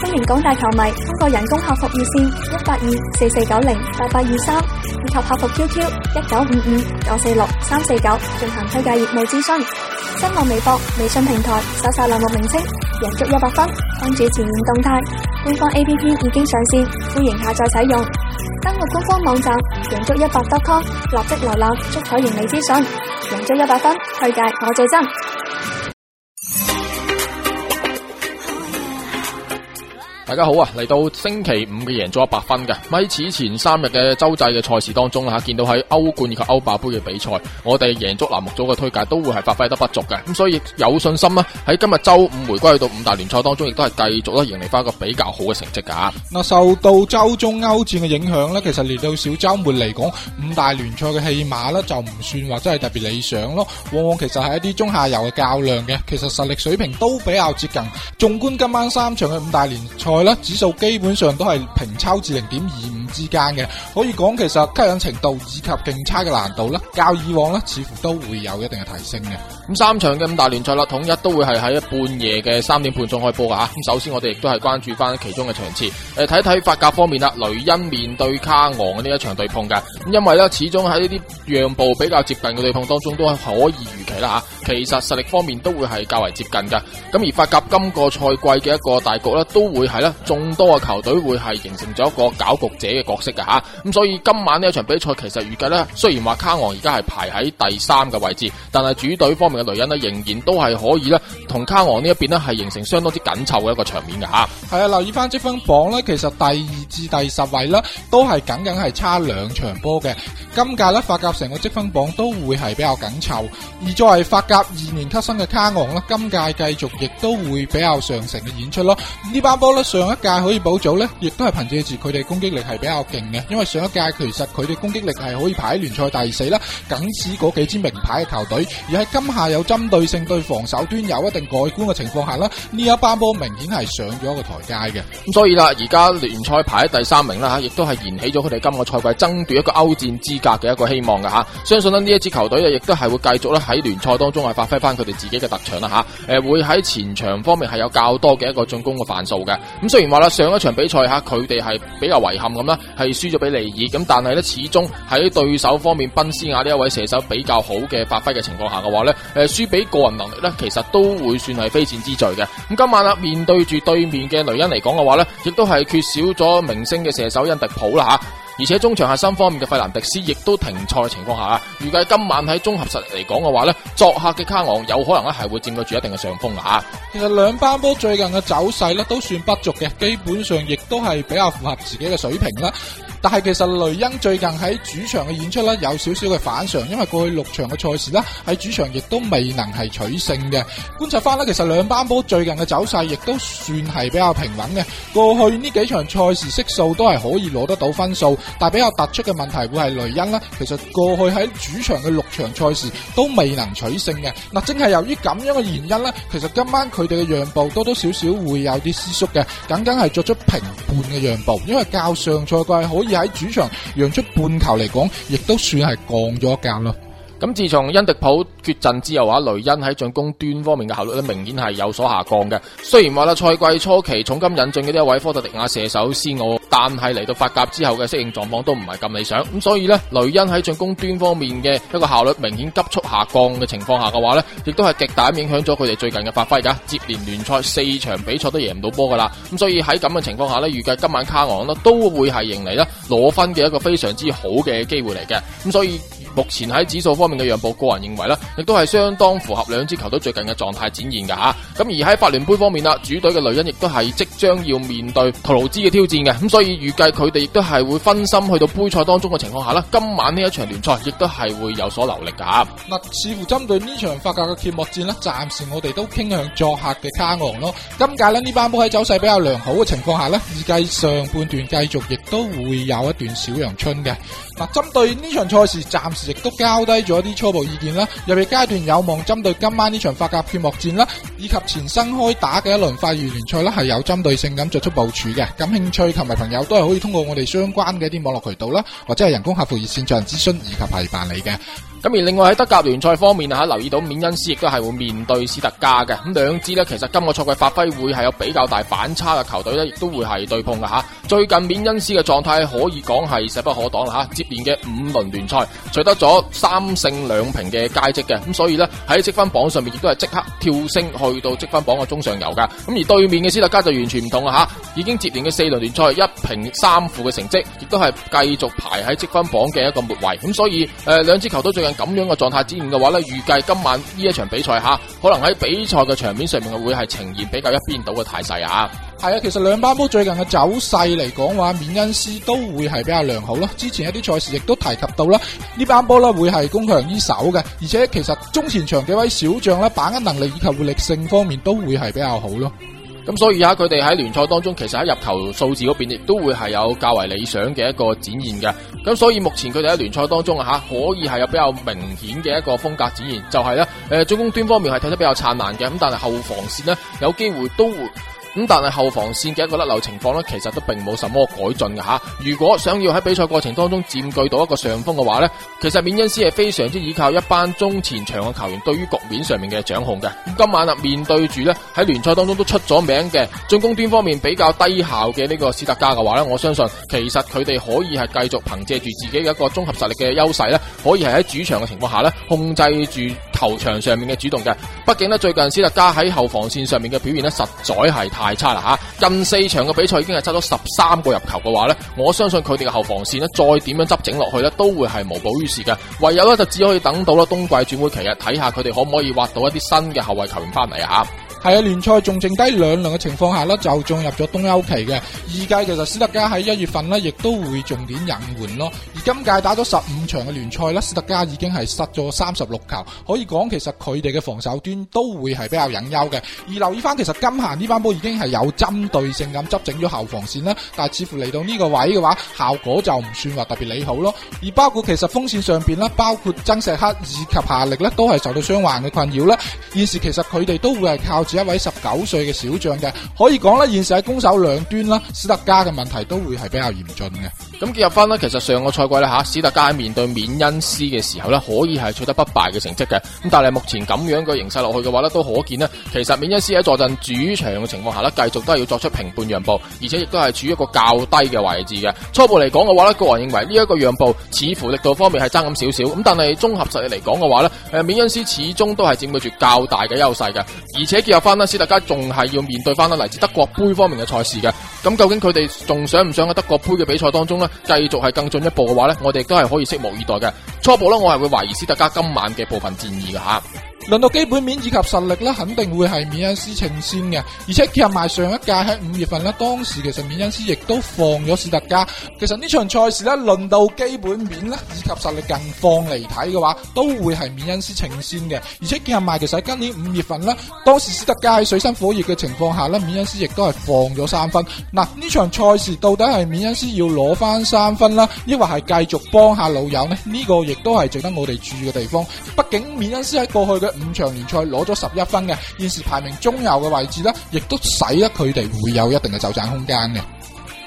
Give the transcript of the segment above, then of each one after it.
歡迎廣大球迷通過人工客服熱線一八二四四九零八八二三以及客服 QQ 一九五五九四六三四九進行推介業務諮詢。新浪微博、微信平台搜索欄目名稱贏足一百分，關注前沿動態。官方 APP 已經上線，歡迎下載使用。登錄官方網站贏足一百分 .com，立即瀏覽足彩盈利資訊。贏足一百分，推介我最真。大家好啊！嚟到星期五嘅贏足一百分嘅，喺此前三日嘅洲際嘅賽事當中啦吓，見到喺歐冠以及歐霸杯嘅比賽，我哋贏足嗱，木組嘅推介都會係發揮得不俗嘅，咁所以有信心啦喺今日周五回歸到五大聯賽當中，亦都係繼續咧迎嚟翻一個比較好嘅成績噶。嗱，受到周中歐戰嘅影響呢，其實連到小周末嚟講，五大聯賽嘅戲碼呢，就唔算話真係特別理想咯，往往其實係一啲中下游嘅較量嘅，其實實力水平都比較接近。縱觀今晚三場嘅五大聯賽。指數基本上都係平抽至零點二五之間嘅，可以講其實吸引程度以及競猜嘅難度咧，較以往咧似乎都會有一定嘅提升嘅。咁三場嘅五大聯賽啦，統一都會係喺半夜嘅三點半鐘開波噶吓。咁首先我哋亦都係關注翻其中嘅場次，誒睇睇法甲方面啦，雷恩面對卡昂呢一場對碰嘅。咁因為咧，始終喺呢啲讓步比較接近嘅對碰當中，都係可以預期啦吓。其實實力方面都會係較為接近噶。咁而法甲今個賽季嘅一個大局咧，都會係咧。眾多嘅球隊會係形成咗一個攪局者嘅角色嘅吓，咁、啊嗯、所以今晚呢一場比賽其實預計呢，雖然話卡昂而家係排喺第三嘅位置，但係主隊方面嘅雷恩呢，仍然都係可以呢同卡昂一邊呢一邊呢係形成相當之緊湊嘅一個場面嘅吓。係啊，留意翻積分榜呢，其實第二至第十位呢都係僅僅係差兩場波嘅。今屆呢，法甲成個積分榜都會係比較緊湊，而作為法甲二年級生嘅卡昂呢，今屆繼續亦都會比較上乘嘅演出咯。呢班波呢。上一屆可以保組呢，亦都係憑借住佢哋攻擊力係比較勁嘅，因為上一屆其實佢哋攻擊力係可以排喺聯賽第四啦，僅次嗰幾支名牌嘅球隊。而喺今夏有針對性對防守端有一定改觀嘅情況下啦，呢一班波明顯係上咗一個台階嘅。咁所以啦，而家聯賽排喺第三名啦吓，亦都係燃起咗佢哋今個賽季爭奪一個歐戰資格嘅一個希望嘅吓、啊。相信咧呢一支球隊啊，亦都係會繼續咧喺聯賽當中係發揮翻佢哋自己嘅特長啦吓。誒、啊，會喺前場方面係有較多嘅一個進攻嘅犯數嘅。咁雖然話啦，上一場比賽吓，佢哋係比較遺憾咁啦，係輸咗俾尼爾，咁但係咧始終喺對手方面，賓斯亞呢一位射手比較好嘅發揮嘅情況下嘅話咧，誒，輸俾個人能力咧，其實都會算係非戰之罪嘅。咁今晚啦，面對住對面嘅雷恩嚟講嘅話咧，亦都係缺少咗明星嘅射手因迪普啦吓。而且中場核心方面嘅費蘭迪斯亦都停賽嘅情況下啊，預計今晚喺綜合實力嚟講嘅話咧，作客嘅卡昂有可能咧係會佔據住一定嘅上風啊！其實兩班波最近嘅走勢咧都算不俗嘅，基本上亦都係比較符合自己嘅水平啦。但係其實雷恩最近喺主場嘅演出咧有少少嘅反常，因為過去六場嘅賽事咧喺主場亦都未能係取勝嘅。觀察翻咧，其實兩班波最近嘅走勢亦都算係比較平穩嘅。過去呢幾場賽事悉數都係可以攞得到分數，但係比較突出嘅問題會係雷恩啦。其實過去喺主場嘅六場賽事都未能取勝嘅。嗱、啊，正係由於咁樣嘅原因咧，其實今晚佢哋嘅讓步多多少少會有啲失縮嘅，僅僅係作出平半嘅讓步，因為較上賽季可以。喺主場讓出半球嚟講，亦都算係降咗一格咯。咁自從恩迪普缺陣之後，話雷恩喺進攻端方面嘅效率咧，明顯係有所下降嘅。雖然話啦，賽季初期重金引進嘅呢一位科特迪瓦射手，斯奧。但係嚟到法甲之後嘅適應狀況都唔係咁理想，咁所以呢，雷恩喺進攻端方面嘅一個效率明顯急速下降嘅情況下嘅話呢，亦都係極大影響咗佢哋最近嘅發揮噶，接連聯賽四場比賽都贏唔到波噶啦，咁所以喺咁嘅情況下呢，預計今晚卡昂呢都會係迎嚟呢攞分嘅一個非常之好嘅機會嚟嘅，咁所以目前喺指數方面嘅讓步，個人認為呢亦都係相當符合兩支球隊最近嘅狀態展現噶吓，咁而喺法聯盃方面啦，主隊嘅雷恩亦都係即將要面對圖盧茲嘅挑戰嘅，咁所可以預計佢哋亦都係會分心去到杯賽當中嘅情況下啦，今晚呢一場聯賽亦都係會有所留力噶。嗱，似乎針對呢場法甲嘅揭幕戰咧，暫時我哋都傾向作客嘅卡昂咯。今屆咧呢班波喺走勢比較良好嘅情況下呢，預計上半段繼續亦都會有一段小陽春嘅。嗱、啊，針對呢場賽事，暫時亦都交低咗一啲初步意見啦。入夜階段有望針對今晚呢場法甲決幕戰啦，以及前新開打嘅一輪法乙聯賽啦，係有針對性咁作出部署嘅。感興趣同埋朋友都係可以通過我哋相關嘅啲網絡渠道啦，或者係人工客服熱線進行諮詢以及係辦理嘅。咁而另外喺德甲聯賽方面啊，吓留意到緬恩斯亦都係會面對斯特加嘅，咁兩支咧其實今個賽季發揮會係有比較大反差嘅球隊咧，亦都會係對碰嘅吓。最近緬恩斯嘅狀態可以講係勢不可擋啦吓，接連嘅五輪聯賽取得咗三勝兩平嘅佳績嘅，咁所以咧喺積分榜上面亦都係即刻跳升去到積分榜嘅中上游噶。咁而對面嘅斯特加就完全唔同啦吓，已經接連嘅四輪聯賽一平三負嘅成績，亦都係繼續排喺積分榜嘅一個末位。咁所以誒兩、呃、支球隊最近。咁樣嘅狀態，自然嘅話呢預計今晚呢一場比賽吓，可能喺比賽嘅場面上面會係呈現比較一邊倒嘅態勢啊！係啊，其實兩班波最近嘅走勢嚟講話，緬恩斯都會係比較良好咯。之前一啲賽事亦都提及到啦，呢班波咧會係攻強於守嘅，而且其實中前場幾位小將咧，把握能力以及活力性方面都會係比較好咯。咁所以吓，佢哋喺聯賽當中，其實喺入球數字嗰邊，亦都會係有較為理想嘅一個展現嘅。咁所以目前佢哋喺聯賽當中吓，可以係有比較明顯嘅一個風格展現，就係、是、咧，誒、呃，進攻端方面係睇得比較燦爛嘅。咁但係後防線咧，有機會都會。咁但係後防線嘅一個甩漏情況呢，其實都並冇什麼改進㗎吓。如果想要喺比賽過程當中佔據到一個上風嘅話呢，其實緬因斯係非常之依靠一班中前場嘅球員對於局面上面嘅掌控嘅。今晚啊，面對住呢，喺聯賽當中都出咗名嘅進攻端方面比較低效嘅呢個斯特加嘅話呢，我相信其實佢哋可以係繼續憑借住自己嘅一個綜合實力嘅優勢呢，可以係喺主場嘅情況下呢，控制住，球場上面嘅主動嘅，畢竟呢，最近斯特加喺後防線上面嘅表現呢，實在係太差啦吓，近四場嘅比賽已經係差咗十三個入球嘅話呢，我相信佢哋嘅後防線呢，再點樣執整落去呢，都會係無補於事嘅，唯有呢，就只可以等到啦冬季轉會期啊，睇下佢哋可唔可以挖到一啲新嘅後衛球員翻嚟啊！係啊，聯賽仲剩低兩輪嘅情況下咧，就進入咗冬休期嘅。而家其實斯特加喺一月份咧，亦都會重點引援咯。而今屆打咗十五場嘅聯賽咧，斯特加已經係失咗三十六球，可以講其實佢哋嘅防守端都會係比較隱憂嘅。而留意翻，其實今夏呢班波已經係有針對性咁執整咗後防線啦，但係似乎嚟到呢個位嘅話，效果就唔算話特別利好咯。而包括其實鋒線上邊咧，包括曾石克以及夏力咧，都係受到傷患嘅困擾啦。現時其實佢哋都會係靠。是一位十九歲嘅小將嘅，可以講呢現時喺攻守兩端啦，史特加嘅問題都會係比較嚴峻嘅。咁結合翻呢，其實上個賽季呢，吓，史特加喺面對緬恩斯嘅時候呢，可以係取得不敗嘅成績嘅。咁但係目前咁樣嘅形勢落去嘅話呢，都可見呢，其實緬恩斯喺坐鎮主場嘅情況下呢，繼續都係要作出平半讓步，而且亦都係處於一個較低嘅位置嘅。初步嚟講嘅話呢，個人認為呢一個讓步，似乎力度方面係爭咁少少。咁但係綜合實力嚟講嘅話呢，誒，緬恩斯始終都係佔據住較大嘅優勢嘅，而且翻啦，斯特加仲係要面對翻啦，嚟自德國盃方面嘅賽事嘅。咁究竟佢哋仲想唔想喺德國盃嘅比賽當中咧，繼續係更進一步嘅話咧，我哋都係可以拭目以待嘅。初步咧，我係會懷疑斯特加今晚嘅部分戰意嘅吓。論到基本面以及實力咧，肯定會係緬恩斯稱先嘅。而且結合埋上一屆喺五月份呢，當時其實緬恩斯亦都放咗史特加。其實呢場賽事呢，論到基本面咧，以及實力更放嚟睇嘅話，都會係緬恩斯稱先嘅。而且結合埋其實喺今年五月份呢，當時史特加喺水深火熱嘅情況下呢，緬恩斯亦都係放咗三分。嗱、啊，呢場賽事到底係緬恩斯要攞翻三分啦，抑或係繼續幫下老友呢？呢、這個亦都係值得我哋注意嘅地方。畢竟緬恩斯喺過去嘅。五場聯賽攞咗十一分嘅，現時排名中游嘅位置啦，亦都使得佢哋會有一定嘅走賺空間嘅。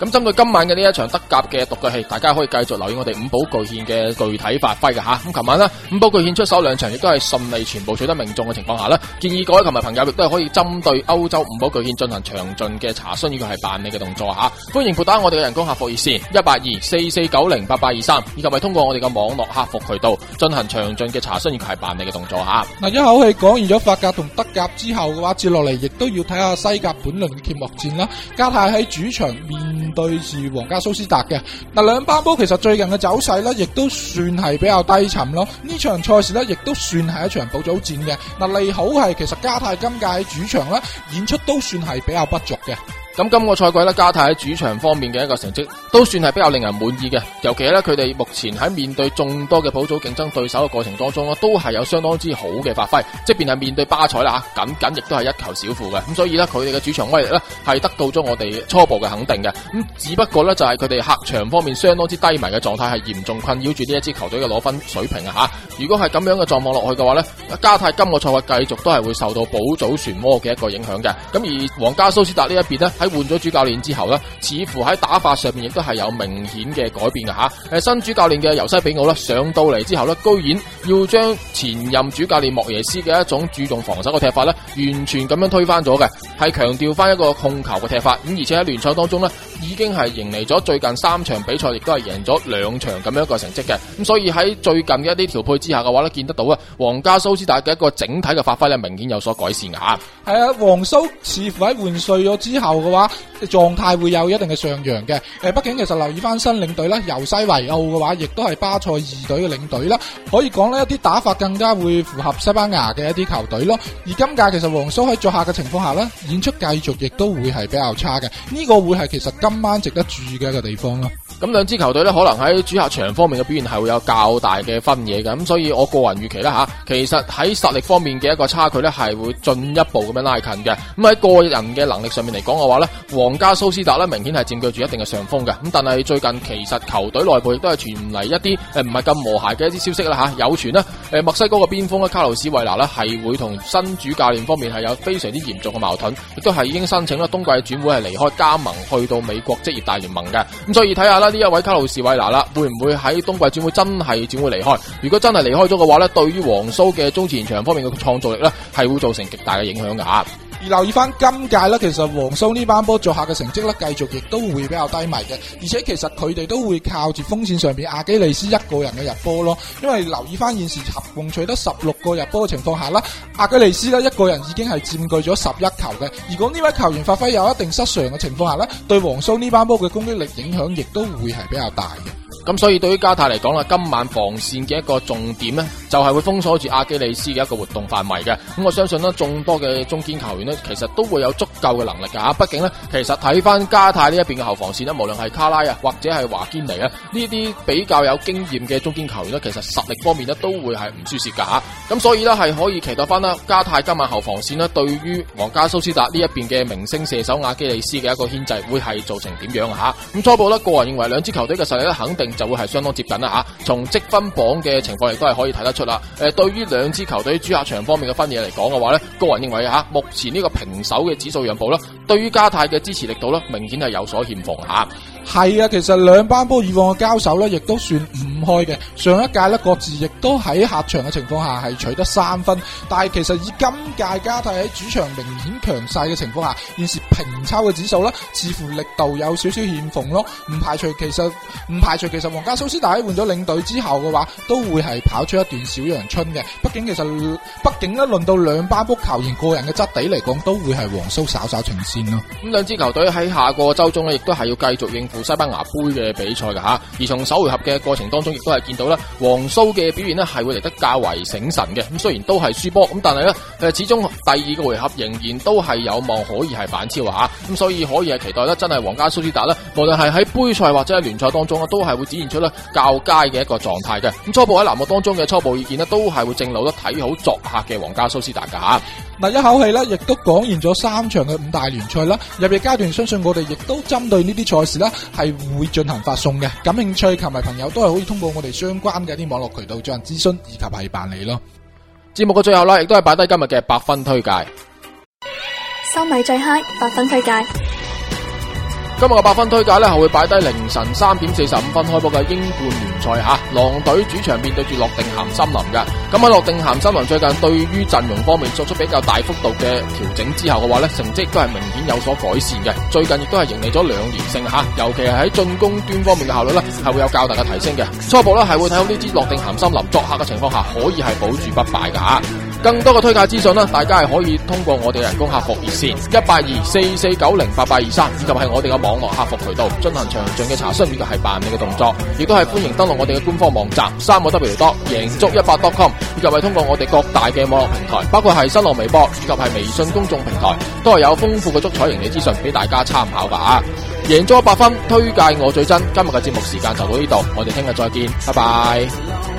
咁針對今晚嘅呢一場德甲嘅獨腳戲，大家可以繼續留意我哋五寶巨獻嘅具體發揮嘅嚇。咁、啊、琴、啊、晚啦，五寶巨獻出手兩場，亦都係順利全部取得命中嘅情況下啦。建議各位球迷朋友亦都係可以針對歐洲五寶巨獻進行詳盡嘅查詢與係辦理嘅動作嚇、啊。歡迎撥打我哋嘅人工客服熱線一八二四四九零八八二三，4 4 23, 以及係通過我哋嘅網絡客服渠道進行詳盡嘅查詢與係辦理嘅動作嚇。嗱、啊，一口氣講完咗法甲同德甲之後嘅話，接落嚟亦都要睇下西甲本輪嘅揭幕戰啦。加泰喺主場面。對住皇家蘇斯達嘅嗱，兩班波其實最近嘅走勢咧，亦都算係比較低沉咯。場賽呢場賽事咧，亦都算係一場保組戰嘅嗱。利好係其實加泰今屆喺主場咧演出都算係比較不俗嘅。咁今個賽季咧，加泰喺主場方面嘅一個成績都算係比較令人滿意嘅，尤其咧佢哋目前喺面對眾多嘅保組競爭對手嘅過程當中咧，都係有相當之好嘅發揮，即便係面對巴塞啦，僅僅亦都係一球小負嘅，咁所以呢，佢哋嘅主場威力呢，係得到咗我哋初步嘅肯定嘅，咁只不過呢，就係佢哋客場方面相當之低迷嘅狀態係嚴重困擾住呢一支球隊嘅攞分水平啊吓！如果係咁樣嘅狀況落去嘅話呢，加泰今個賽季繼續都係會受到保組旋渦嘅一個影響嘅，咁而皇家蘇斯達呢一邊呢。喺換咗主教練之後咧，似乎喺打法上面亦都係有明顯嘅改變嘅吓。誒，新主教練嘅尤西比奧咧，上到嚟之後咧，居然要將前任主教練莫耶斯嘅一種注重防守嘅踢法咧，完全咁樣推翻咗嘅，係強調翻一個控球嘅踢法。咁而且喺聯賽當中咧。已經係迎嚟咗最近三場比賽，亦都係贏咗兩場咁樣一個成績嘅。咁所以喺最近嘅一啲調配之下嘅話咧，見得到啊，皇家蘇斯達嘅一個整體嘅發揮呢，明顯有所改善嘅吓。係啊，皇蘇似乎喺換帥咗之後嘅話，狀態會有一定嘅上揚嘅。誒、呃，畢竟其實留意翻新領隊啦，由西維奧嘅話，亦都係巴塞二隊嘅領隊啦，可以講呢，一啲打法更加會符合西班牙嘅一啲球隊咯。而今屆其實皇蘇喺作客嘅情況下呢，演出繼續亦都會係比較差嘅。呢、這個會係其實今。今晚值得注意嘅一個地方啦。咁兩支球隊咧，可能喺主客場方面嘅表現係會有較大嘅分野嘅，咁所以我個人預期啦，吓，其實喺實力方面嘅一個差距呢，係會進一步咁樣拉近嘅。咁喺個人嘅能力上面嚟講嘅話呢，皇家蘇斯達呢明顯係佔據住一定嘅上風嘅。咁但係最近其實球隊內部亦都係傳嚟一啲誒唔係咁和諧嘅一啲消息啦吓，啊，有傳咧誒墨西哥嘅邊鋒咧卡路斯維拿呢係會同新主教練方面係有非常之嚴重嘅矛盾，亦都係已經申請咗冬季轉會係離開加盟去到美國職業大聯盟嘅。咁所以睇下啦。呢一位卡路士維拿啦，會唔會喺冬季轉會真係轉會離開？如果真係離開咗嘅話咧，對於皇蘇嘅中前場方面嘅創造力咧，係會造成極大嘅影響噶。而留意翻今屆啦，其實黃蘇呢班波作客嘅成績咧，繼續亦都會比較低迷嘅。而且其實佢哋都會靠住鋒線上邊阿基里斯一個人嘅入波咯。因為留意翻現時合共取得十六個入波嘅情況下啦，阿基里斯咧一個人已經係佔據咗十一球嘅。如果呢位球員發揮有一定失常嘅情況下呢，對黃蘇呢班波嘅攻擊力影響亦都會係比較大嘅。咁所以對於加泰嚟講啦，今晚防線嘅一個重點咧，就係會封鎖住阿基里斯嘅一個活動範圍嘅，咁我相信呢，眾多嘅中堅球員呢，其實都會有足夠嘅能力噶吓、啊，畢竟呢，其實睇翻加泰呢一邊嘅後防線呢，無論係卡拉啊或者係華堅尼啊呢啲比較有經驗嘅中堅球員呢，其實實力方面呢，都會係唔輸蝕噶吓，咁所以呢，係可以期待翻啦，加泰今晚後防線呢，對於皇家蘇斯達呢一邊嘅明星射手阿基里斯嘅一個牽制，會係造成點樣啊吓？咁初步呢，個人認為兩支球隊嘅實力咧肯定就會係相當接近啦吓、啊，從積分榜嘅情況亦都係可以睇得出。嗱，誒，對於兩支球隊主客場方面嘅分野嚟講嘅話呢，個人認為吓，目前呢個平手嘅指數讓步咧，對於加泰嘅支持力度咧，明顯係有所欠奉吓。係啊，其實兩班波以往嘅交手呢，亦都算唔開嘅。上一屆呢，各自亦都喺客場嘅情況下係取得三分，但係其實以今屆加泰喺主場明顯強勢嘅情況下，現時平抽嘅指數呢，似乎力度有少少欠奉咯。唔排除其實唔排除其實皇家蘇斯大喺換咗領隊之後嘅話，都會係跑出一段小陽春嘅。畢竟其實畢竟呢，輪到兩班波球員個人嘅質地嚟講，都會係黃蘇稍稍呈現咯。咁兩支球隊喺下個周中呢，亦都係要繼續應。西班牙杯嘅比賽噶吓，而從首回合嘅過程當中，亦都係見到咧，皇蘇嘅表現咧係會嚟得較為醒神嘅。咁雖然都係輸波，咁但係咧，其實始終第二個回合仍然都係有望可以係反超吓。咁所以可以係期待咧，真係皇家蘇斯達啦。無論係喺杯賽或者係聯賽當中啊，都係會展現出咧較佳嘅一個狀態嘅。咁初步喺欄目當中嘅初步意見咧，都係會正路得睇好作客嘅皇家蘇斯達噶吓。嗱，一口氣咧亦都講完咗三場嘅五大聯賽啦。入夜階段，相信我哋亦都針對賽呢啲賽事啦，係會進行發送嘅，感興趣球迷朋友都係可以通過我哋相關嘅啲網絡渠道進行諮詢以及係辦理咯。節目嘅最後啦，亦都係擺低今日嘅百分推介，收米最嗨百分推介。今日嘅八分推介呢，係會擺低凌晨三點四十五分開播嘅英冠聯賽吓，狼隊主場面對住諾定咸森林嘅。咁喺諾定咸森林最近對於陣容方面作出比較大幅度嘅調整之後嘅話呢，成績都係明顯有所改善嘅。最近亦都係迎嚟咗兩連勝吓，尤其係喺進攻端方面嘅效率呢，係會有較大嘅提升嘅。初步呢，係會睇好呢支諾定咸森林作客嘅情況下，可以係保住不敗嘅吓。更多嘅推介資訊咧，大家係可以通過我哋人工客服熱線一八二四四九零八八二三，4 4 23，以及係我哋嘅網絡客服渠道進行詳盡嘅查詢，以及係辦理嘅動作，亦都係歡迎登錄我哋嘅官方網站三個 W dot 贏足一百 dot com，以及係通過我哋各大嘅網絡平台，包括係新浪微博以及係微信公眾平台，都係有豐富嘅足彩贏利資訊俾大家參考噶吓。贏咗一百分，推介我最真。今日嘅節目時間就到呢度，我哋聽日再見，拜拜。